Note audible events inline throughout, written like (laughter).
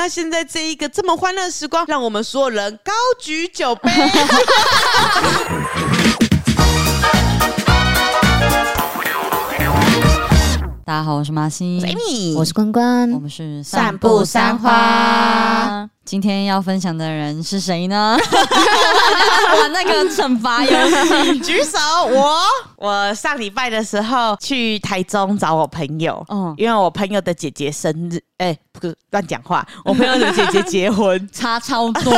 那現在這一個這麼歡樂的時光，讓我們所有人高舉酒杯。 (laughs) (laughs) 大家好，我是馬西，J ay 你 我是關關，我們是散步三花。今天要分享的人是誰呢？ (laughs) (laughs) 那個懲罰遊戲，舉手。我我上禮拜的時候去台中找我朋友，嗯，因為我朋友的姐姐生日，哎、欸，不，亂講話。我朋友的姐姐結婚， (laughs) 差超多，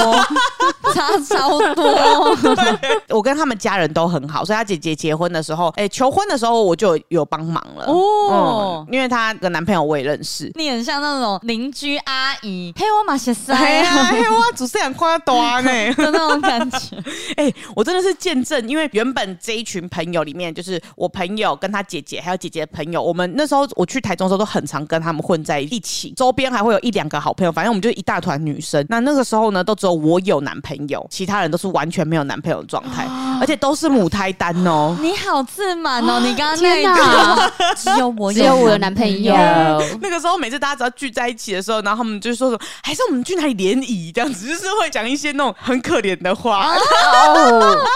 差超多。對，我跟他們家人都很好，所以他姐姐結婚的時候，哎、欸，求婚的時候我就有幫忙了哦、嗯，因為她的男朋友我也認識。你很像那種鄰居阿姨，嘿，我馬些塞。哇，主持人誇大呢，那種感覺。哎，我真的是見證，因為原本這一群朋友裡面，就是我朋友跟他姐姐，還有姐姐的朋友，我們那時候我去台中的時候都很常跟他們混在一起，周邊還會有一兩個好朋友，反正我們就一大團女生。那那個時候呢，都只有我有男朋友，其他人都是完全沒有男朋友的狀態。哦而且都是母胎單哦，哦！你好自滿哦！哦你剛剛那個、啊、只有我，只有我的男朋友，男朋友、嗯。那個時候每次大家只要聚在一起的時候，然後他們就說說，還是我們去哪裡聯誼這樣子，就是會講一些那種很可憐的話。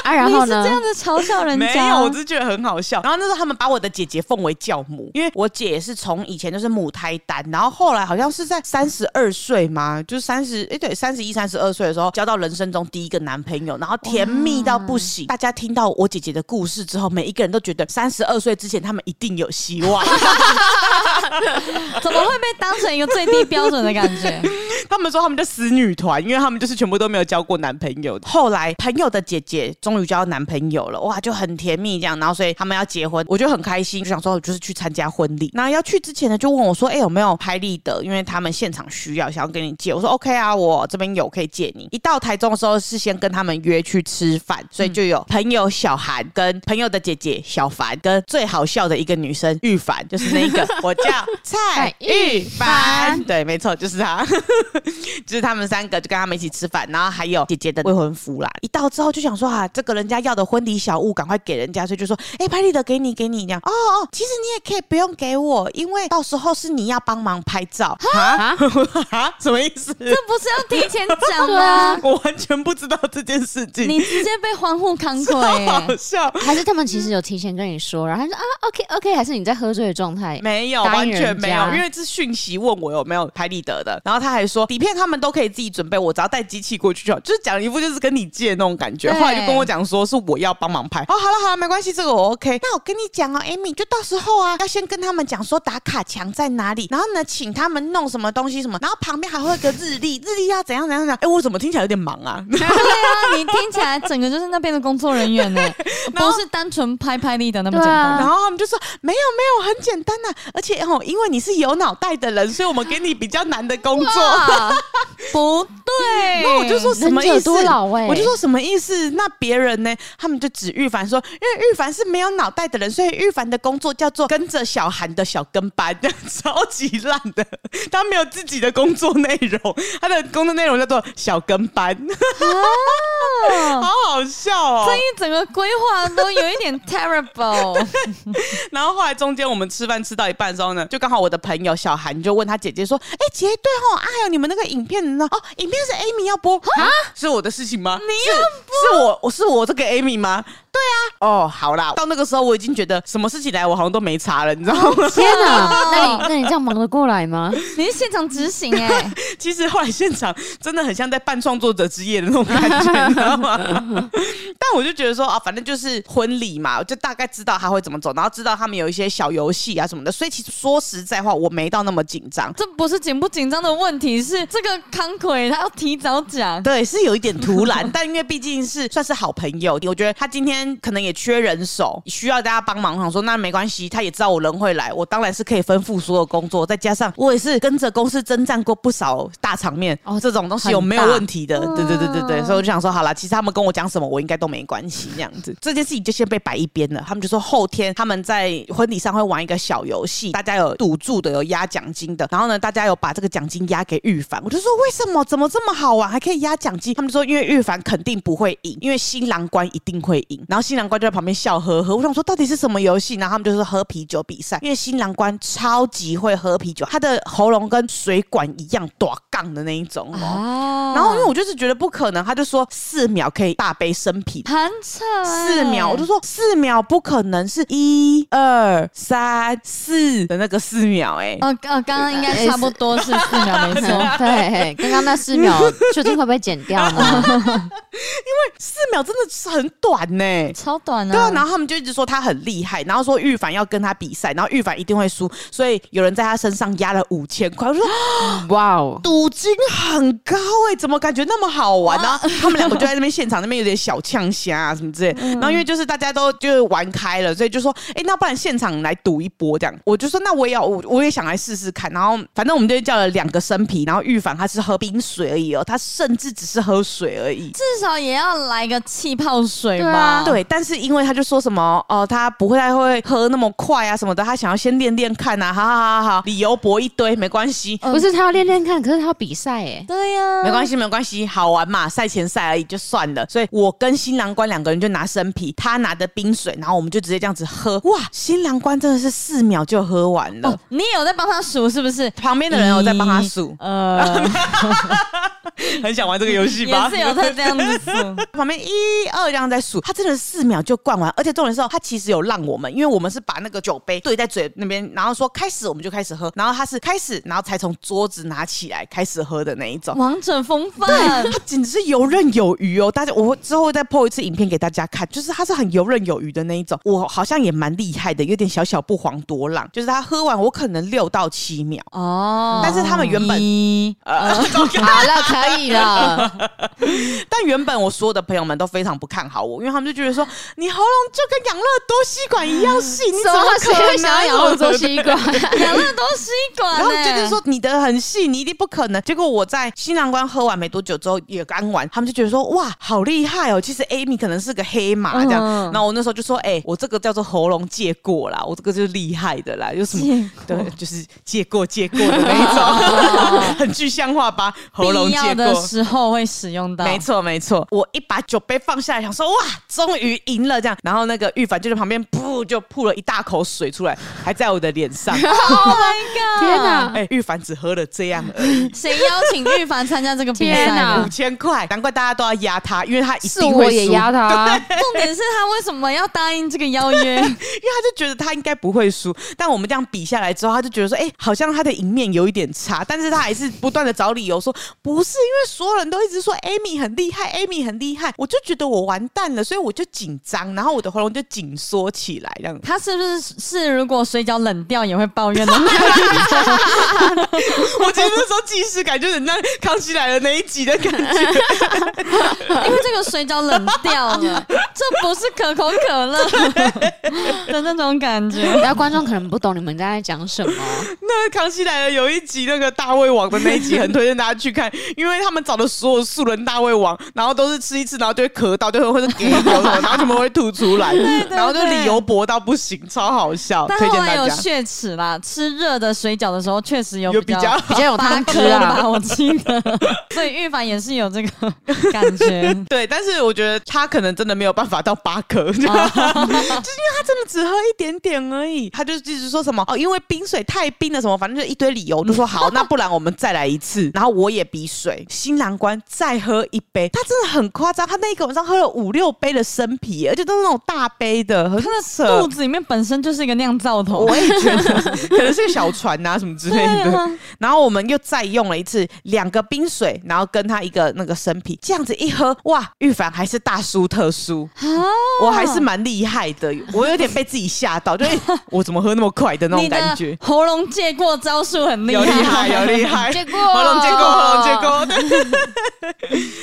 然後呢，你是這樣子嘲笑人家？沒有，我只是覺得很好笑。然後那時候他們把我的姐姐奉為教母，因為我姐也是從以前就是母胎單，然後後來好像是在三十二歲嘛，就是三十，哎對，三十一、三十二歲的時候交到人生中第一個男朋友，然後甜蜜到不行。哇大家聽到我姐姐的故事之後，每一個人都覺得三十二歲之前，他們一定有希望。 (laughs) 怎麼會被當成一個最低標準的感覺？他們說他們叫死女團，因為他們就是全部都沒有交過男朋友。後來朋友的姐姐終於交男朋友了，哇，就很甜蜜這樣。然後所以他們要結婚，我就很開心，就想說我就是去參加婚禮。那要去之前呢，就問我說：“哎、欸，有沒有拍立得？因為他們現場需要，想要跟你借。”我說：“OK 啊，我這邊有可以借你。”一到台中的時候，事先跟他們約去吃飯，所以就有。嗯朋友小韓跟朋友的姐姐小凡跟最好笑的一個女生玉凡，就是那一個我叫蔡玉凡，對，沒錯，就是她，就是他們三個就跟他們一起吃飯，然後還有姐姐的未婚夫啦。一到之後就想說啊，這個人家要的婚禮小物趕快給人家，所以就說哎、欸，拍立得給你給你這樣哦哦，其實你也可以不用給我，因為到時候是你要幫忙拍照啊啊蛤，什麼意思？這不是要提前講嗎、啊啊？我完全不知道這件事情，你直接被歡呼。好笑，還是他們其實有提前跟你說，然後他說啊，OK OK，還是你在喝醉的狀態？沒有，完全沒有，因為這是訊息問我有沒有拍立得的，然後他還說底片他們都可以自己準備，我只要帶機器過去就好。就是講了一副，就是跟你借的那種感覺。對後來就跟我講說，是我要幫忙拍。哦，好了好了，沒關係，這個我 OK。那我跟你講啊，Amy，就到時候啊，要先跟他們講說打卡牆在哪裡，然後呢，請他們弄什麼東西什麼，然後旁邊還會有個日曆， (laughs) 日曆要怎樣怎樣怎樣。哎、欸，我怎麼聽起來有點忙啊、欸？對啊，你聽起來整個就是那邊的工。 (laughs) 工作人員呢，不是單純拍拍你的那麼簡單。然後他、啊、們就說：“沒有沒有，很簡單吶、啊。而且哦，因為你是有腦袋的人，所以我們給你比較難的工作。”不對，那、嗯、我就說什麼意思？我就說什麼意思？那別人呢？他們就指玉凡說：“因為玉凡是沒有腦袋的人，所以玉凡的工作叫做跟着小韓的小跟班，超級爛的，他沒有自己的工作內容，他的工作內容叫做小跟班。啊”好笑哦！所以整個規劃都有一點 terrible。 (laughs) 然後後來中間我們吃飯吃到一半之後呢，就剛好我的朋友小韓就問他姐姐說：“哎、欸，姐，對吼啊，還有你們那個影片呢？哦，影片是 Amy 要播蛤是我的事情嗎？你要播？是是我我是我這個 Amy 嗎？”對啊，哦，oh, 好啦，到那個時候我已經覺得什麼事情來我好像都沒差了，你知道嗎？Oh, 天哪，啊， (laughs) 那你那你這樣忙得過來嗎？ (laughs) 你是現場執行哎， (laughs) 其實後來現場真的很像在辦創作者之夜的那種感覺， (laughs) 你知道嗎？ (laughs) (laughs) 但我就覺得說啊，反正就是婚禮嘛，我就大概知道他會怎麼走，然後知道他們有一些小遊戲啊什麼的，所以其實說實在話，我沒到那麼緊張。 (laughs) 這不是緊不緊張的問題，是這個康奎他要提早講， (laughs) 對，是有一點突然，但因為畢竟是算是好朋友，我覺得他今天。可能也缺人手，需要大家幫忙。想說那沒關係，他也知道我人會來，我當然是可以吩咐所有工作。再加上我也是跟着公司征戰過不少大場面，哦，這種東西有沒有問題的。大對對對對對，所以我就想說好了，其實他們跟我講什麼，我應該都沒關係。那樣子 (laughs) 這件事情就先被擺一邊了。他們就說後天他們在婚禮上會玩一個小遊戲，大家有賭注的，有押獎金的。然後呢，大家有把這個獎金押給玉凡。我就說，為什麼？怎麼這麼好玩，啊，還可以押獎金？他們就說因為玉凡肯定不會贏，因為新郎官一定會贏。然後新郎官就在旁邊笑呵呵。我想說，到底是什麼遊戲？然後他們就是喝啤酒比賽，因為新郎官超級會喝啤酒，他的喉嚨跟水管一樣短槓的那一種哦。哦，然後因為我就是覺得不可能，他就說四秒可以大杯生啤，很扯、欸。四秒，我就說四秒不可能是一二三四的那個四秒哎、欸。哦、呃，剛、呃、剛應該差不多是四秒沒說，沒錯。對，剛剛那四秒究竟會不會剪掉呢？ (laughs) 因為四秒真的是很短呢、欸。超短呢，對啊，然後他們就一直說他很厲害，然後說玉凡要跟他比賽，然後玉凡一定會輸，所以有人在他身上壓了五千塊。我說哇、哦，賭金很高哎、欸，怎麼感覺那麼好玩呢？哇 然後他們兩個就在那邊 (laughs) 現場那邊有點小嗆聲啊什麼之類，然後因為就是大家都就是玩開了，所以就說哎、欸，那不然現場來賭一波這樣。我就說那我也要，我我也想來試試看。然後反正我們就叫了兩個生啤，然後玉凡他是喝冰水而已哦，他甚至只是喝水而已，至少也要來個氣泡水嘛？對，但是因為他就說什麼哦、呃，他不會太會喝那麼快啊什麼的，他想要先練練看吶、啊，好好好好好，理由搏一堆沒關係。嗯、不是他要練練看，可是他要比賽哎。對呀、啊，沒關係，沒關係，好玩嘛，賽前賽而已就算了。所以我跟新郎官兩個人就拿生啤，他拿的冰水，然後我們就直接這樣子喝。哇，新郎官真的是四秒就喝完了、哦。你有在幫他數是不是？旁邊的人有一在幫他數，呃， (laughs) 很想玩這個遊戲吧？是有在這樣子數， (laughs) 旁邊一二這樣在數，他真的。四秒就灌完，而且重點是，他其實有讓我們，因為我們是把那個酒杯對在嘴那邊，然後說開始，我們就開始喝，然後他是開始，然後才從桌子拿起來開始喝的那一種，王者風範，對，他簡直是游刃有餘哦。大家，我之後再 PO 一次影片給大家看，就是他是很游刃有餘的那一種，我好像也蠻厲害的，有點小小不遑多讓，就是他喝完我可能六到七秒哦，但是他們原本好了，那可以了。 (laughs) 但原本我所有的朋友們都非常不看好我，因為他們就覺得。就說你喉嚨就跟養樂多吸管一樣細，你怎麼可能，誰會想要養樂多吸管？養樂 (laughs) 多吸管、欸，然後覺得，就是說你的很細，你一定不可能。結果我在新郎官喝完沒多久之後也乾完，他們就覺得說，哇，好厲害哦，喔！其實 Amy 可能是個黑馬這樣。嗯、然後我那時候就說，哎、欸，我這個叫做喉嚨借過啦，我這個就是厲害的啦，就是過對，就是借過借過的那一種， (laughs) (laughs) 很具象化吧？喉嚨借過必要的時候會使用到，沒錯沒錯。我一把酒杯放下來，想說哇，終於。魚贏了這樣，然後那個玉凡就在旁邊，噗，就吐了一大口水出來，還在我的臉上。Oh my god！天哪！哎、欸，玉凡只喝了這樣而已。誰邀請玉凡參加這個比賽？哪五千塊，難怪大家都要壓他，因為他一定會輸。是我也壓他。對重點是他為什麼要答應這個邀約？ (laughs) 因為他就覺得他應該不會輸，但我們這樣比下來之後，他就覺得說，哎、欸，好像他的贏面有一點差，但是他還是不斷的找理由說，不是因為所有人都一直說很 Amy 很厲害，Amy 很厲害，我就覺得我完蛋了，所以我就。緊張，然後我的喉嚨就緊縮起來，這樣。他是不是是如果水餃冷掉也會抱怨的？ (laughs) (laughs) 我覺得那時候既視感就是那康熙來了那一集的感覺， (laughs) (laughs) 因為這個水餃冷掉了， (laughs) 這不是可口可樂的那種感覺。那 (laughs) 觀眾可能不懂你們在講什麼。 (laughs) 那康熙來了有一集，那個大胃王的那一集，很推薦大家去看， (laughs) 因為他們找的所有素人大胃王，然後都是吃一次，然後就會咳到，就會會是鼻流。 (laughs) 然後怎麼會吐出來？ (laughs) 對對對，然後就理由薄到不行，超好笑。但後來有血齒啦，吃熱的水餃的時候確實有比較，有比較有湯汁八顆啊我親。 (laughs) 所以玉凡也是有這個感覺， (laughs) 對。但是我覺得他可能真的沒有辦法到八顆， (laughs) (laughs) 就是因為他真的只喝一點點而已。他就一直說什麼哦，因為冰水太冰了，什麼反正就一堆理由。就說好， (laughs) 那不然我們再來一次。然後我也比水，新郎官再喝一杯。他真的很誇張，他那一個晚上喝了五六杯的生。生啤，而且都是那種大杯的，它的肚子裡面本身就是一個釀造桶， (laughs) 我也覺得可能是個小船啊什麼之類的。啊、然後我們又再用了一次兩個冰水，然後跟他一個那個生啤，這樣子一喝，哇！玉凡還是大輸特輸，啊、我還是蠻厲害的，我有點被自己嚇到，就是我怎麼喝那麼快的那種感覺，喉嚨借過招數很厲害，害，有厲害，有厲害，借過喉嚨，借過喉嚨，借過。借過借過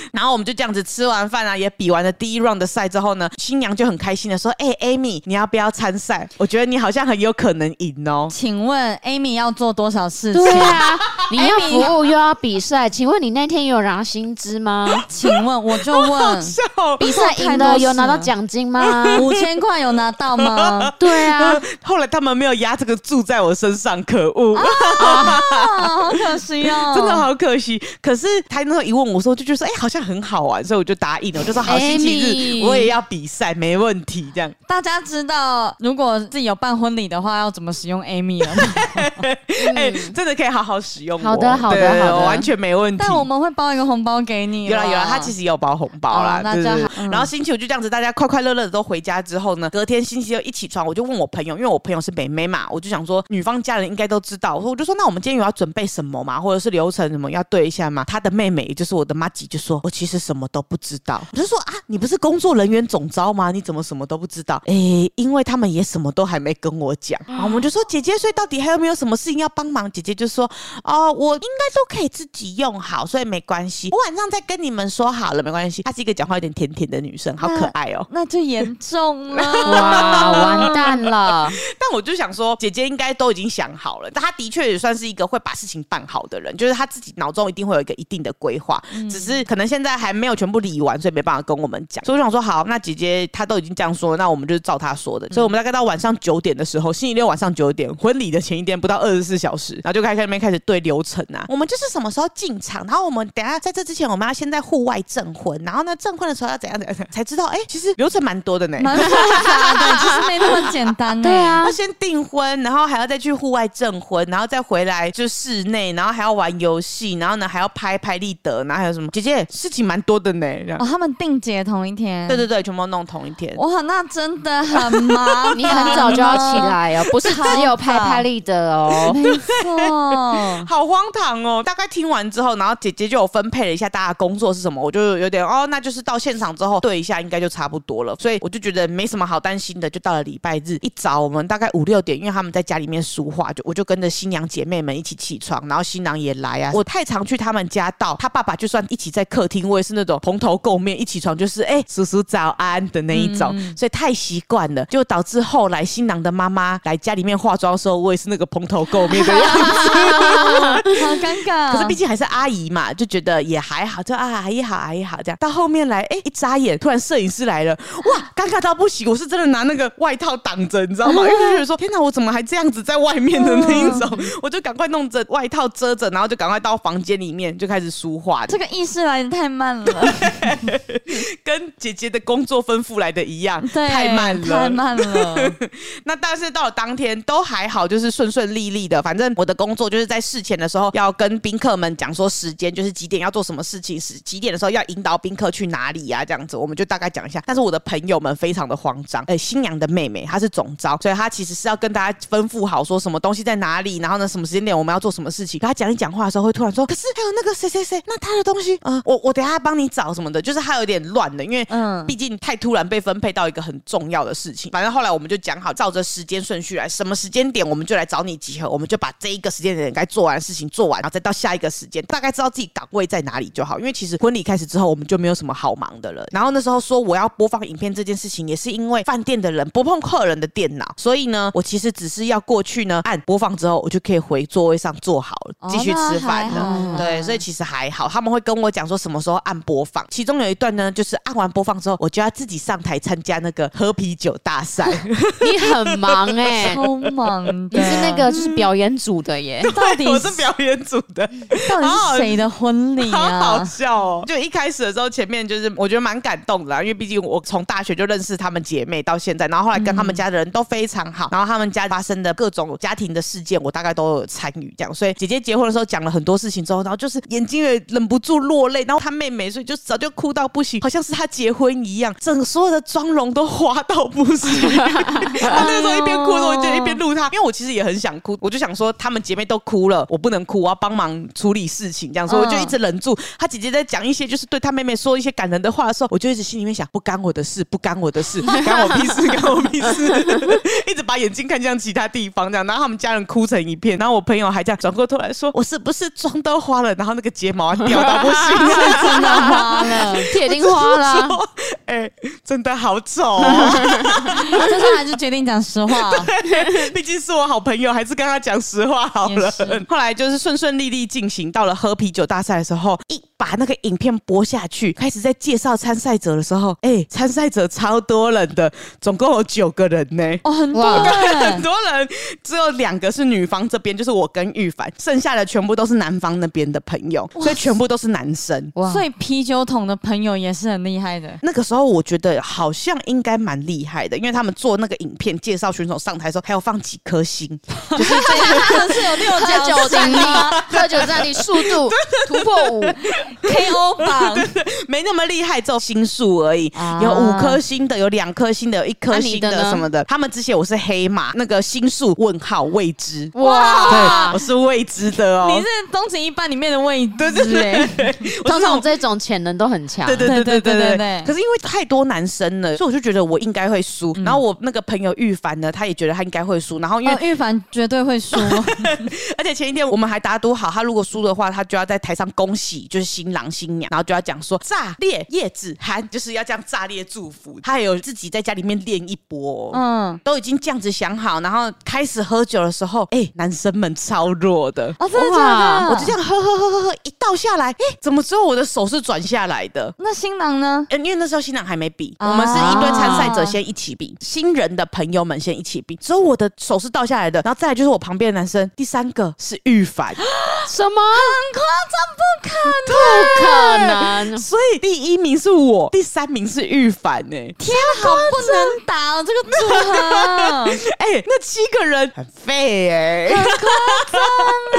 (laughs) 然後我們就這樣子吃完飯啊，也比完了第一 round 的賽之後。新娘就很開心的說：“哎、欸，Amy，你要不要參賽？我覺得你好像很有可能贏哦。”請問 Amy 要做多少事情？對啊，你要服務又要比賽， (laughs) 請問你那天有拿薪資嗎？請問我就問，比賽贏了，有拿到獎金嗎？五千塊有拿到嗎？ (laughs) 對啊，啊，後來他們沒有壓這個注在我身上，可惡啊，oh, (laughs) 好可惜哦，真的好可惜。可是他那時候一問我說，就覺得哎，好像很好玩，所以我就答應了，我就說好，Amy 星期日我也要。要比賽沒問題，這樣大家知道，如果自己有辦婚禮的話，要怎麼使用 Amy 了？哎、 (laughs) 欸，嗯、真的可以好好使用。好的，好的，對好的，完全沒問題。但我們會包一個紅包給你。有了啦，哇有了，他其實也有包紅包啦，嗯、是是大好。嗯、然後星期五就這樣子，大家快快樂樂的都回家之後呢，隔天星期六一起床，我就問我朋友，因為我朋友是妹妹嘛，我就想說，女方家人應該都知道。我說，我就說，那我們今天有要準備什麼嘛，或者是流程什麼要對一下嘛。他的妹妹，也就是我的麻吉，就說我其實什麼都不知道。我就說啊，你不是工作人員、總召嗎？你怎麼什麼都不知道？哎、欸，因為他們也什麼都還沒跟我講、啊，我們就說姐姐，所以到底還有沒有什麼事情要幫忙？姐姐就說哦、呃，我應該都可以自己用好，所以沒關係。我晚上再跟你們說好了，沒關係。她是一個講話有點甜甜的女生，那好可愛哦、喔。那就嚴重了， (laughs) 哇，完蛋了！ (laughs) 但我就想說，姐姐應該都已經想好了。但她的確也算是一個會把事情辦好的人，就是她自己腦中一定會有一個一定的規劃，只是可能現在還沒有全部理完，所以沒辦法跟我們講。所以我想說，好那。那姐姐她都已經這樣說了，那我們就是照她說的。嗯、所以我們大概到晚上九點的時候，星期六晚上九點，婚禮的前一天不到二十四小時，然後就開始在那邊開始對流程啊。我們就是什麼時候進場，然後我們等下在這之前，我們要先在戶外證婚，然後呢證婚的時候要怎樣怎樣才知道？哎、欸，其實流程蠻多的呢，哈哈哈對，其、就、實、是、沒那麼簡單呢、欸。對啊，要先訂婚，然後還要再去戶外證婚，然後再回來就室內，然後還要玩遊戲，然後呢還要拍拍立得，然後還有什麼？姐姐事情蠻多的呢。哦，他們訂結同一天，對對對。全部弄同一天哇，oh, 那真的很忙、啊。 (laughs) 你很早就要起來哦，不是很有拍拍立得哦，好荒唐哦。大概聽完之後，然後姐姐就有分配了一下大家的工作是什麼，我就有點哦，那就是到現場之後對一下，應該就差不多了。所以我就覺得沒什麼好擔心的。就到了禮拜日一早，我們大概五六點，因為他們在家裡面梳化，就我就跟着新娘姐妹們一起起床，然後新郎也來啊。我太常去他們家到他爸爸，就算一起在客廳，我也是那種蓬頭垢面，一起床就是哎、欸，叔叔早。安，安的那一種，嗯、所以太習慣了，就導致後來新郎的媽媽來家裡面化妝的時候，我也是那個蓬頭垢面的樣子， (laughs) 好尷尬。可是畢竟還是阿姨嘛，就覺得也還好，就啊阿姨好、阿姨好這樣。到後面來，哎、欸、一眨眼，突然攝影師來了，哇，尷尬到不行！我是真的拿那個外套擋着，你知道嗎？因為就覺得說天哪，我怎麼還這樣子在外面的那一種？啊、我就趕快弄着外套遮着，然後就趕快到房間裡面就開始梳化。這個意思來的太慢了， (laughs) 跟姐姐的工。工作吩咐來的一樣，太慢了，太慢了。 (laughs) 那但是到了當天都還好，就是順順利利的。反正我的工作就是在事前的時候要跟賓客們講說時間，就是幾點要做什麼事情，是幾點的時候要引導賓客去哪裡呀，啊，這樣子我們就大概講一下。但是我的朋友們非常的慌張，哎、欸，新娘的妹妹她是總招，所以她其實是要跟大家吩咐好說什麼東西在哪裡，然後呢什麼時間點我們要做什麼事情。可她講一講話的時候會突然說，可是還有那個誰誰誰，那他的東西，嗯、呃，我我等一下幫你找什麼的，就是他有點亂的，因為嗯，畢竟。太突然被分配到一個很重要的事情，反正後來我們就講好，照着時間順序來，什麼時間點我們就來找你集合，我們就把這一個時間點該做完的事情做完，然後再到下一個時間，大概知道自己崗位在哪裡就好。因為其實婚禮開始之後，我們就沒有什麼好忙的了。然後那時候說我要播放影片這件事情，也是因為飯店的人不碰客人的電腦，所以呢，我其實只是要過去呢按播放之後，我就可以回座位上坐好了，繼續吃飯了。對，所以其實還好。他們會跟我講說什麼時候按播放，其中有一段呢，就是按完播放之後，我就。他自己上台參加那個喝啤酒大賽， (laughs) 你很忙哎，欸，超忙的，你是那個就是表演組的耶，對嗯，到底是，我是表演組的，到底是誰的婚禮？啊，好搞笑哦，喔！就一開始的時候，前面就是我覺得蠻感動的啦，因為畢竟我從大學就認識他們姐妹到現在，然後後來跟他們家的人都非常好，然後他們家發生的各種家庭的事件，我大概都有參與這樣。所以姐姐結婚的時候講了很多事情之後，然後就是眼睛也忍不住落淚，然後她妹妹所以就早就哭到不行，好像是她結婚一樣。整所有的妝容都花到不行，他 (laughs) 那個時候一邊哭，然後我就一邊錄他，因為我其實也很想哭，我就想說他們姐妹都哭了，我不能哭，我要幫忙處理事情，這樣說我就一直忍住。他姐姐在講一些就是對他妹妹說一些感人的話的時候，我就一直心裡面想，不干我的事，不干我的事，干我屁事，干我屁事，一直把眼睛看向其他地方，這樣。然後他們家人哭成一片，然後我朋友還這樣轉過頭來說，我是不是妝都花了？然後那個睫毛掉、啊、到不行， (laughs) 啊、真的花了，鐵定花了。欸、真的好醜、哦，但、 (laughs) 啊、是還是決定講實話、啊，畢竟是我好朋友，還是跟他講實話好了。是後來就是順順利利進行，到了喝啤酒大賽的時候，一把那個影片播下去，開始在介紹參賽者的時候，哎、欸，參賽者超多人的，總共有九個人呢、欸，哦、很多哇， (laughs) 很多人，只有兩個是女方這邊，就是我跟玉凡，剩下的全部都是男方那邊的朋友，所以全部都是男生，哇哇所以啤酒桶的朋友也是很厲害的。那個時候。我覺得好像應該蠻厲害的，因為他們做那個影片介紹選手上台的時候，還要放幾顆星，就是他的是有六種喝酒能力、喝酒戰力、速度突破五、KO 榜沒那麼厲害，做星數而已。有五顆星的，有兩顆星的，有一顆星的什麼的。他們之前我是黑馬，那個星數問號未知哇，我是未知的哦，你是東情一半裡面的未知，對對對，通常我這種潛能都很強，對對對對對對，可是因為。太多男生了，所以我就覺得我應該會輸。嗯、然後我那個朋友玉凡呢，他也覺得他應該會輸。然後因為、哦、玉凡絕對會輸， (laughs) 而且前一天我們還打賭好，他如果輸的話，他就要在台上恭喜，就是新郎新娘，然後就要講說炸裂、葉子含，就是要這樣炸裂祝福。他有自己在家裡面練一波，嗯，都已經這樣子想好，然後開始喝酒的時候，哎、欸，男生們超弱的，哦真的嗎？哇的我就這樣喝喝喝喝喝，一倒下來，哎、欸，怎麼只有我的手是轉下來的？那新郎呢？因為那時候新那還沒比，啊、我們是一堆參賽者先一起比，啊、新人的朋友們先一起比。只有我的手是倒下來的，然後再來就是我旁邊的男生，第三個是玉凡，什麼？很誇張，不可能，對不可能！所以第一名是我，第三名是玉凡，欸，哎，天，好不能打，喔，這個組合哎、， (laughs) 欸，那七個人很廢，欸，哎、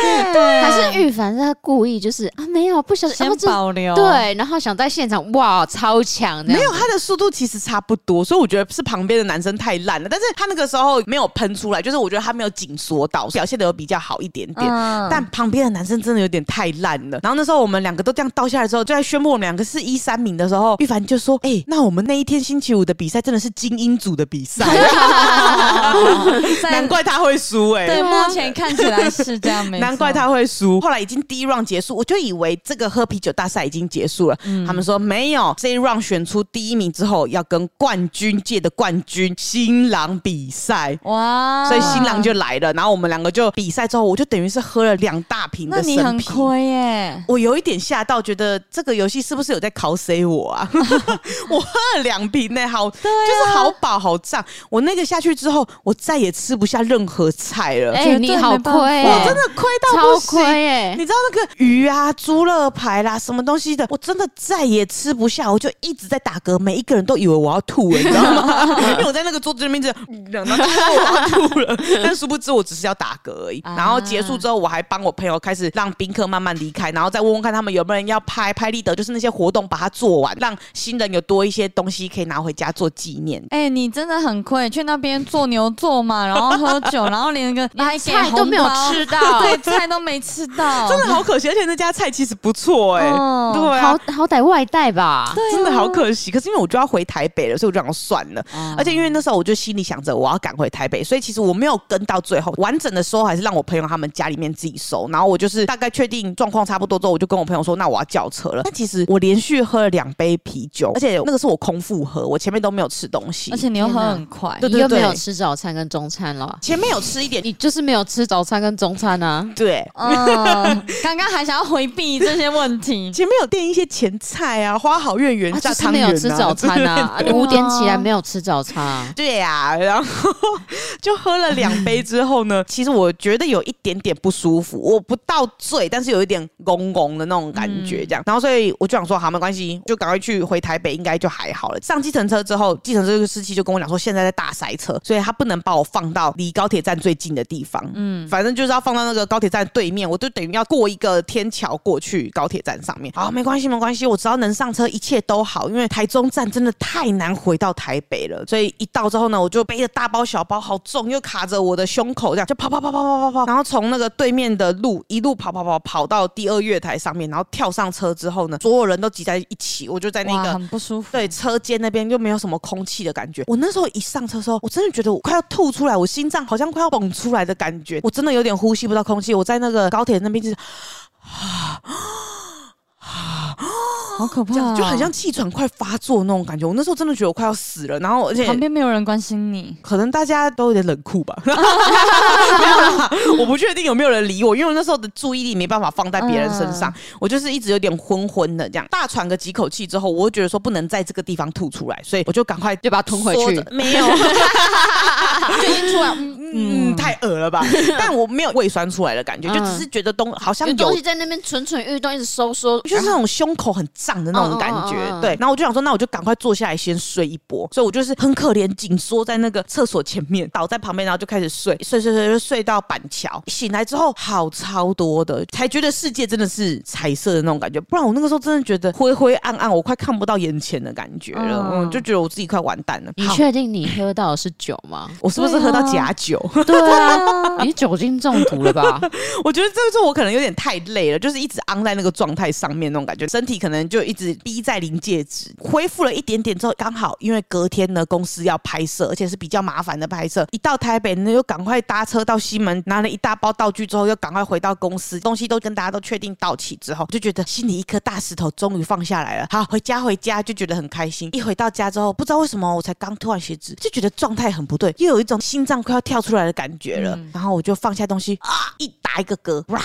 欸， (laughs) 對、啊，誇張，還是玉凡他故意就是啊，沒有不小心，先保留，啊，對，然後想在現場哇超強的。沒有，他的速度其實差不多，所以我覺得是旁邊的男生太爛了。但是他那個時候沒有噴出來，就是我覺得他沒有緊縮到，表現的比較好一點點。嗯、但旁邊的男生真的有點太爛了。然後那時候我們兩個都這樣倒下來之後，就在宣布我們兩個是一三名的時候，玉凡就說：“哎，那我們那一天星期五的比賽真的是精英組的比賽，難怪他會輸哎。”對，目前看起來是這樣。 (laughs) 沒錯。難怪他會輸。後來已經第一 round 結束，我就以為這個喝啤酒大賽已經結束了。嗯、他們說沒有，這一 round 選出。第一名之後要跟冠軍界的冠軍新郎比賽哇，所以新郎就來了，然後我們兩個就比賽。之後我就等於是喝了兩大瓶的，那你很虧耶！我有一點嚇到，覺得這個遊戲是不是有在考誰我啊？ (laughs) 我喝了兩瓶呢、欸，好，對啊、就是好飽好脹。我那個下去之後，我再也吃不下任何菜了。哎、欸，對你好虧，我真的虧到不行耶！你知道那個魚啊、豬肋排啦、啊、什麼東西的，我真的再也吃不下，我就一直在打嗝。每一個人都以為我要吐，你知道嗎？因為我在那個桌子裡邊，這冷到我要吐了。但殊不知，我只是要打嗝而已。然後結束之後，我還幫我朋友開始讓賓客慢慢離開，然後再問問看他們有沒有人要拍拍立得，就是那些活動把它做完，讓新人有多一些東西可以拿回家做紀念。哎，你真的很虧，去那邊做牛做馬，然後喝酒，然後連個連菜都沒有吃到。對，菜都沒吃到，真的好可惜。而且那家菜其實不錯哎。對，好好歹外帶吧，真的好可惜。可是因為我就要回台北了，所以我就想算了。嗯、而且因為那時候我就心裡想着我要趕回台北，所以其實我沒有跟到最後，完整的收還是讓我朋友他們家裡面自己收。然後我就是大概確定狀況差不多之後，我就跟我朋友說，那我要叫車了。但其實我連續喝了兩杯啤酒，而且那個是我空腹喝，我前面都沒有吃東西。而且你又喝很快，哪對對對，你又沒有吃早餐跟中餐了、啊。前面有吃一點， (laughs) 你就是沒有吃早餐跟中餐啊？對，剛剛、呃、 (laughs) 還想要迴避這些問題，前面有墊一些前菜啊，花好月圓，啊、就沒有吃。吃早餐呢、啊？啊、五點起來沒有吃早餐、啊，對呀、啊，然後就喝了兩杯之後呢， (laughs) 其實我覺得有一點點不舒服，我不到醉，但是有一點濛濛的那種感覺，這樣。嗯、然後所以我就想說，好、啊，沒關係，就趕快去回台北，應該就還好了。上計程車之後，計程車司機就跟我講說，現在在大塞車，所以他不能把我放到離高鐵站最近的地方，嗯，反正就是要放到那個高鐵站對面，我就等於要過一個天橋過去高鐵站上面。好、啊，沒關係，沒關係，我只要能上車，一切都好，因為台。中站真的太難回到台北了，所以一到之後呢，我就背着大包小包，好重又卡着我的胸口，這樣就跑跑跑跑跑跑跑，然後從那個對面的路一路跑跑跑跑，跑到第二月台上面，然後跳上車之後呢，所有人都擠在一起，我就在那個很不舒服，對車間那邊就沒有什麼空氣的感覺。我那時候一上車的時候，我真的覺得我快要吐出來，我心臟好像快要蹦出來的感覺，我真的有點呼吸不到空氣。我在那個高鐵那邊就是啊。好可怕、啊，就很像氣喘快發作那種感覺。我那時候真的覺得我快要死了，然後而且旁邊沒有人關心你，可能大家都有點冷酷吧。哈哈哈，我不確定有沒有人理我，因為我那時候的注意力沒辦法放在別人身上，我就是一直有點昏昏的。這樣大喘個幾口氣之後，我就覺得說不能在這個地方吐出來，所以我就趕快就把它吞回去。縮著。沒有，就咽出來。嗯。嗯餓了吧？ (laughs) 但我沒有胃酸出來的感覺，嗯、就只是覺得東西好像有，有東西在那邊蠢蠢欲動，一直收縮，嗯、就是那種胸口很脹的那種感覺。嗯嗯嗯、對，然後我就想說，那我就趕快坐下來先睡一波。所以我就是很可憐，緊縮在那個廁所前面，倒在旁邊，然後就開始睡，睡睡睡，睡，睡到板橋。醒來之後好超多的，才覺得世界真的是彩色的那種感覺。不然我那個時候真的覺得灰灰暗暗，我快看不到眼前的感覺了，我、嗯嗯、就覺得我自己快完蛋了。嗯、好你確定你喝到的是酒嗎？ (laughs) 我是不是喝到假酒？對啊、對啊、對啊。 (laughs) 你酒精中毒了吧？ (laughs) 我覺得這個時候我可能有點太累了，就是一直 on 在那個狀態上面那種感覺，身體可能就一直逼在臨界值。恢復了一點點之後，剛好因為隔天呢公司要拍攝，而且是比較麻煩的拍攝。一到台北呢，又趕快搭車到西門拿了一大包道具之後，又趕快回到公司，東西都跟大家都確定到齊之後，就覺得心裡一顆大石頭終於放下來了。好，回家回家就覺得很開心。一回到家之後，不知道為什麼我才剛脫完鞋子，就覺得狀態很不對，又有一種心臟快要跳出來的感覺。嗯、然後我就放下東西啊，一打一個嗝，哇，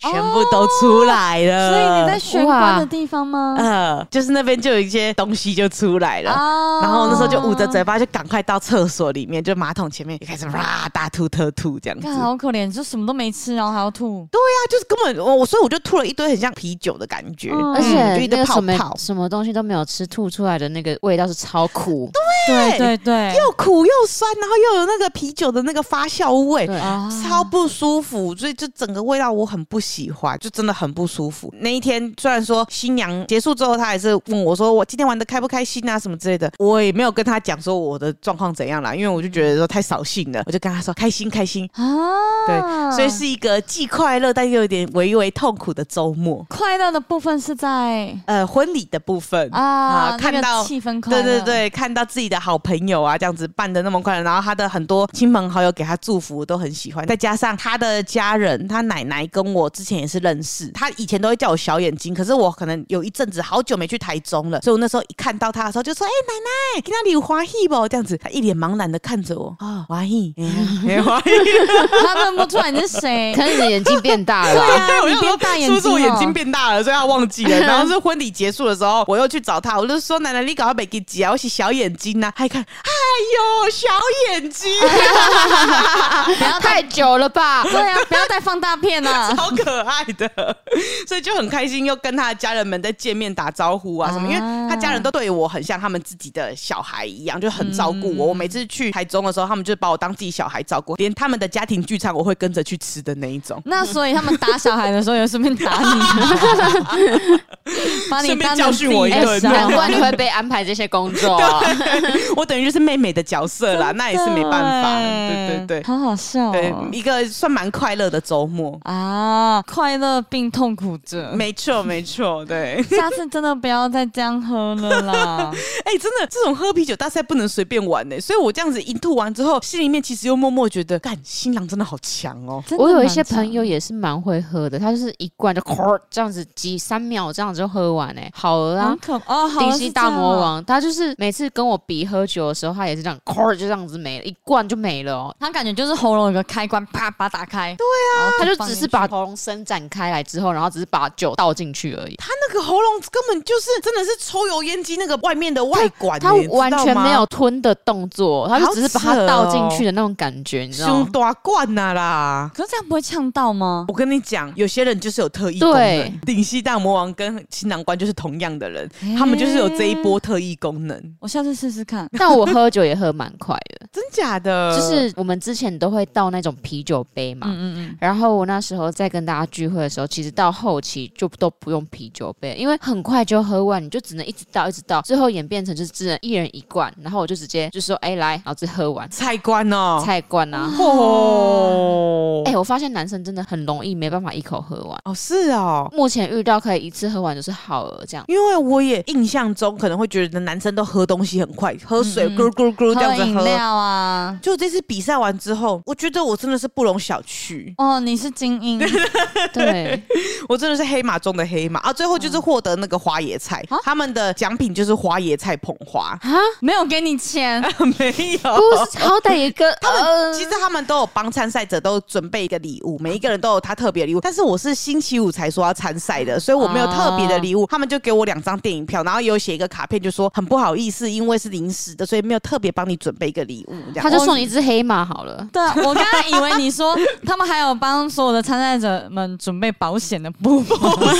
全部都出來了。哦、所以你在玄關的地方嗎？呃，就是那邊就有一些東西就出來了。哦、然後那時候就捂着嘴巴，就趕快到廁所裡面，就馬桶前面，開始哇大吐特吐，吐這樣子。好可憐，就什麼都沒吃然後還要吐。對呀、啊，就是根本我，所以我就吐了一堆很像啤酒的感覺，嗯、而且就一堆泡泡什，什麼東西都沒有吃，吐出來的那個味道是超苦。對對對對，又苦又酸，然後又有那個啤酒的那個發酵味，啊、超不舒服，所以就整個味道我很不喜歡，就真的很不舒服。那一天雖然說新娘結束之後，她還是問我說：“我今天玩的開不開心啊？什麼之類的。”我也沒有跟她講說我的狀況怎樣啦，因為我就覺得說太掃興了，我就跟她說：“開心，開心。”啊，對，所以是一個既快樂但又有一點微微痛苦的周末。快樂的部分是在呃婚禮的部分啊，看到氣氛快樂，對對對，看到自己。的好朋友啊，這樣子辦的那麼快，然後他的很多親朋好友給他祝福，我都很喜歡。再加上他的家人，他奶奶跟我之前也是認識，他以前都會叫我小眼睛。可是我可能有一陣子好久沒去台中了，所以我那時候一看到他的時候，就說：“哎、欸，奶奶，看到你有歡喜不？”這樣子，他一臉茫然的看着我，啊、哦，歡喜，沒歡喜， (laughs) 他認不出來你是誰，可能你眼睛變大了， (laughs) 對啊，欸、我說變大眼睛、喔，說說我眼睛變大了，所以他忘記了。然後是婚禮結束的時候，我又去找他，我就說：“ (laughs) 奶奶，你搞要被給啊，我是小眼睛。”那還看，哎呦，小眼睛， (laughs) (laughs) 不要太久了吧？ (laughs) 對啊，不要再放大片了、啊，超可愛的，所以就很開心，又跟他的家人們在見面打招呼啊什麼。啊、因為他家人都對我很像他們自己的小孩一樣，就很照顧我。嗯、我每次去台中的時候，他們就把我當自己小孩照顧，連他們的家庭聚餐，我會跟着去吃的那一種。那所以他們打小孩的時候，也順便打你，順 (laughs) (laughs) (laughs) 便教訓我一頓。欸、難怪你會被安排這些工作、喔。對 (laughs) (laughs) 我等於就是妹妹的角色啦，欸、那也是沒辦法，對對對，好好笑、喔，對，一個算蠻快樂的周末啊，快樂並痛苦着，沒錯沒錯，對，下次真的不要再這樣喝了啦，哎、 (laughs) 欸，真的這種喝啤酒大賽不能隨便玩呢、欸，所以我這樣子一吐完之後，心裡面其實又默默覺得，幹，新郎真的好強哦、喔，我有一些朋友也是蠻會喝的，他就是一罐就咳這樣子擠，三秒這樣子就喝完誒、欸，好了啊，Uncle, 哦，定西、啊、大魔王，他就是每次跟我比。喝酒的時候，他也是這樣，哐，就這樣子沒了，一罐就沒了、哦。他感覺就是喉嚨有個開關，啪，把打開。對啊，好他就只是把喉嚨伸展開來之後，然後只是把酒倒進去而已。個喉嚨根本就是真的是抽油煙機那個外面的外管、欸，它完全沒有吞的動作，哦、他就只是把它倒進去的那種感覺，你知道嗎？胸大灌吶啦！可是這樣不會嗆到嗎？我跟你講，有些人就是有特異功能，頂對溪大魔王跟新郎官就是同樣的人，欸、他們就是有這一波特異功能。我下次試試看，但我喝酒也喝蠻快的， (laughs) 真假的？就是我們之前都會倒那種啤酒杯嘛，嗯嗯嗯。然後我那時候在跟大家聚會的時候，其實到後期就都不用啤酒杯。對，因為很快就喝完，你就只能一直倒，一直倒，最後演變成就是只能一人一罐，然後我就直接就說：“哎、欸，來，老子喝完。”菜罐哦，菜罐啊！哦，哎、欸，我發現男生真的很容易沒辦法一口喝完。哦，是哦，目前遇到可以一次喝完就是好了這樣。因為我也印象中可能會覺得男生都喝東西很快，喝水嗯嗯咕，咕，咕咕咕這樣子喝。飲料啊，就這次比賽完之後，我覺得我真的是不容小覷。哦，你是精英， (laughs) 對，我真的是黑馬中的黑馬啊！最後就是。是獲得那個花椰菜，啊、他們的獎品就是花椰菜捧花啊，沒有給你錢，啊、沒有，不是好歹一個，呃、他們。其實他們都有幫參賽者都準備一個禮物，每一個人都有他特別禮物，但是我是星期五才說要參賽的，所以我沒有特別的禮物，啊、他們就給我兩張電影票，然後有寫一個卡片，就說很不好意思，因為是臨時的，所以沒有特別幫你準備一個禮物，他就送你一隻黑馬好了。哦、對、啊、我剛才以為你說 (laughs) 他們還有幫所有的參賽者們準備保險的部分。 (laughs)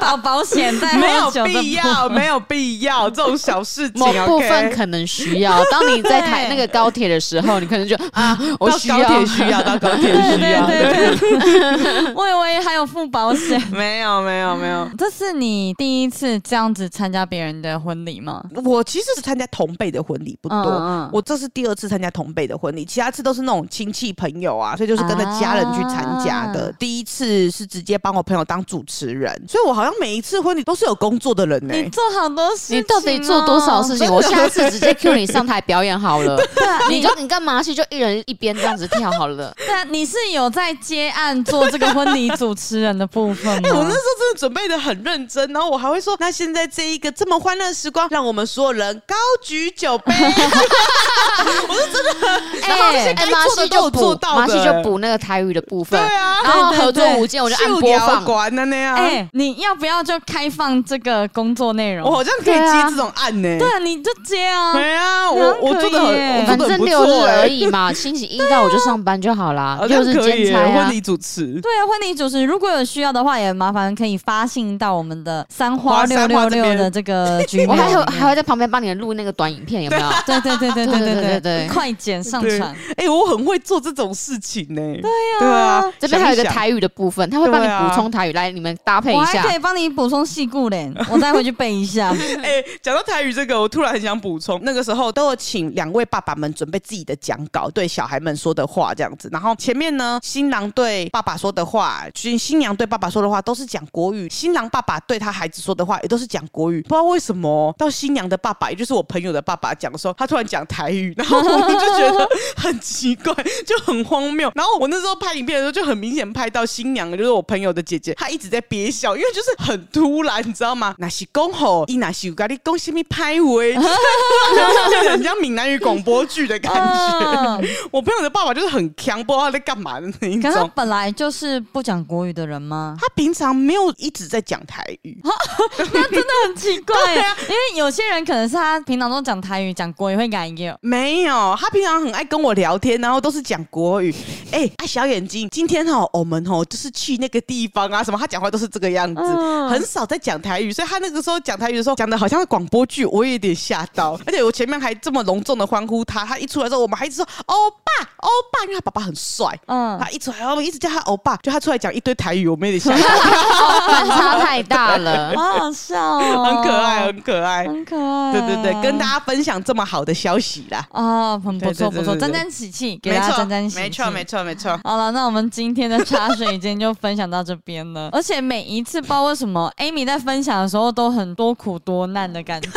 (laughs) (laughs) 保險沒有必要，沒有必要這種小事情。某部分可能需要。當你在台那個高鐵的時候，你可能就啊，到高鐵需要，到高鐵需要。我以為還有付保險，沒有沒有沒有。這是你第一次這樣子參加別人的婚禮嗎？我其實是參加同輩的婚禮不多，我這是第二次參加同輩的婚禮，其他次都是那種親戚朋友啊，所以就是跟着家人去參加的。第一次是直接幫我朋友當主持人，所以我好像。每一次婚禮都是有工作的人呢、欸，你做好多事情、啊，你到底做多少事情？事我下次直接 cue 你上台表演好了。對啊，你就 (laughs) 你跟麻吉就一人一邊這樣子跳好了的。 (laughs) 對啊，你是有在接案做這個婚禮主持人的部分嗎、欸？我那時候真的準備得很認真，然後我還會說：“那現在這一個這麼歡樂的時光，讓我們所有人高舉酒杯。 (laughs) ” (laughs) 我是真的很，欸，然後我先麻吉就做到了，麻吉就補那個台語的部分，對啊，然後合作無間，我就按播放。哎，啊欸，你要不要？然後就開放這個工作內容，我好像可以接這種案呢。對啊，你就接啊。對啊，我我做的很，我做的很不錯欸。反正六日而已嘛。星期一到我就上班就好啦。又是監查，婚禮主持。對啊，婚禮主持。如果有需要的話，也麻煩可以發信到我們的三花六六六的這個群。我還有還會在旁邊幫你錄那個短影片，有沒有？對對對對對對對，快剪上傳。哎，我很會做這種事情呢。對啊，對啊，這邊還有一個台語的部分，他會幫你補充台語來你們搭配一下。幫你補充戲故嘞，我再回去背一下。哎、 (laughs) 欸，講到台語這個，我突然很想補充，那個時候都有請兩位爸爸們準備自己的講稿，對小孩們說的話這樣子。然後前面呢，新郎對爸爸說的話，新新娘對爸爸說的話都是講國語，新郎爸爸對他孩子說的話也都是講國語。不知道為什麼，到新娘的爸爸，也就是我朋友的爸爸講的時候，他突然講台語，然後我就覺得很奇怪，就很荒謬。然後我那時候拍影片的時候，就很明顯拍到新娘，就是我朋友的姐姐，她一直在憋笑，因為就是。很突然，你知道嗎？那是公吼伊那是咖喱公蝦米派味，像閩 (laughs) 南語廣播劇的感覺。我朋友的爸爸就是很強，不知道他在幹嘛的那種。可是他本來就是不講國語的人嗎？他，人嗎？他平常沒有一直在講台語。啊，那真的很奇怪呀！ (laughs) 對啊、因為有些人可能是他平常都講台語，講國語會感覺沒有。他平常很愛跟我聊天，然後都是講國語。哎、 (laughs) 欸，啊、小眼睛，今天吼我們吼就是去那個地方啊，什麼？他講話都是這個樣子。啊很少在講台語，所以他那個時候講台語的時候，講的好像是廣播劇，我也有點嚇到。而且我前面還這麼隆重的歡呼他，他一出來之後，我們還一直說歐巴歐巴，因為他爸爸很帥。嗯，他一出來我們一直叫他歐巴，就他出來講一堆台語，我們有點嚇到。反差太大了，好笑哦，很可愛，很可愛，很可愛。對對對，跟大家分享這麼好的消息啦，啊，很不錯，不錯，沾沾喜氣，沒錯，沒錯，沒錯，沒錯。好了，那我們今天的茶水間就分享到這邊了，而且每一次，包括。什麼？Amy 在分享的時候都很多苦多難的感覺。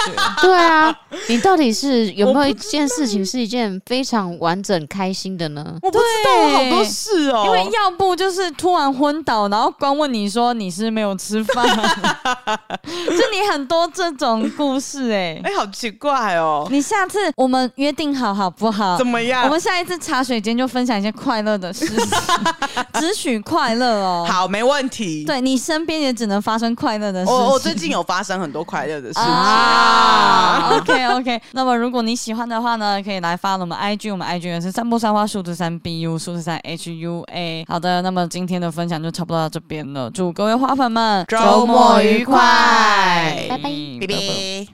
對啊，你到底是有沒有一件事情是一件非常完整開心的呢？我不知道，好多事哦。因為要不就是突然昏倒，然後光問你說你是沒有吃飯，這裡很多這種故事哎哎，好奇怪哦。你下次我們約定好好不好？怎麼樣？我們下一次茶水間就分享一些快樂的事情。只許快樂哦。好，沒問題。對你身邊也只能發。發生快樂的事哦，oh, oh, 最近有發生很多快樂的事情啊。Oh, OK OK， (laughs) 那麼如果你喜歡的話呢，可以來發我們 IG，我們 IG 也是散步三花數字三 BU 數字三 HUA。好的，那麼今天的分享就差不多到這邊了，祝各位花粉們週末愉快，拜拜，拜拜。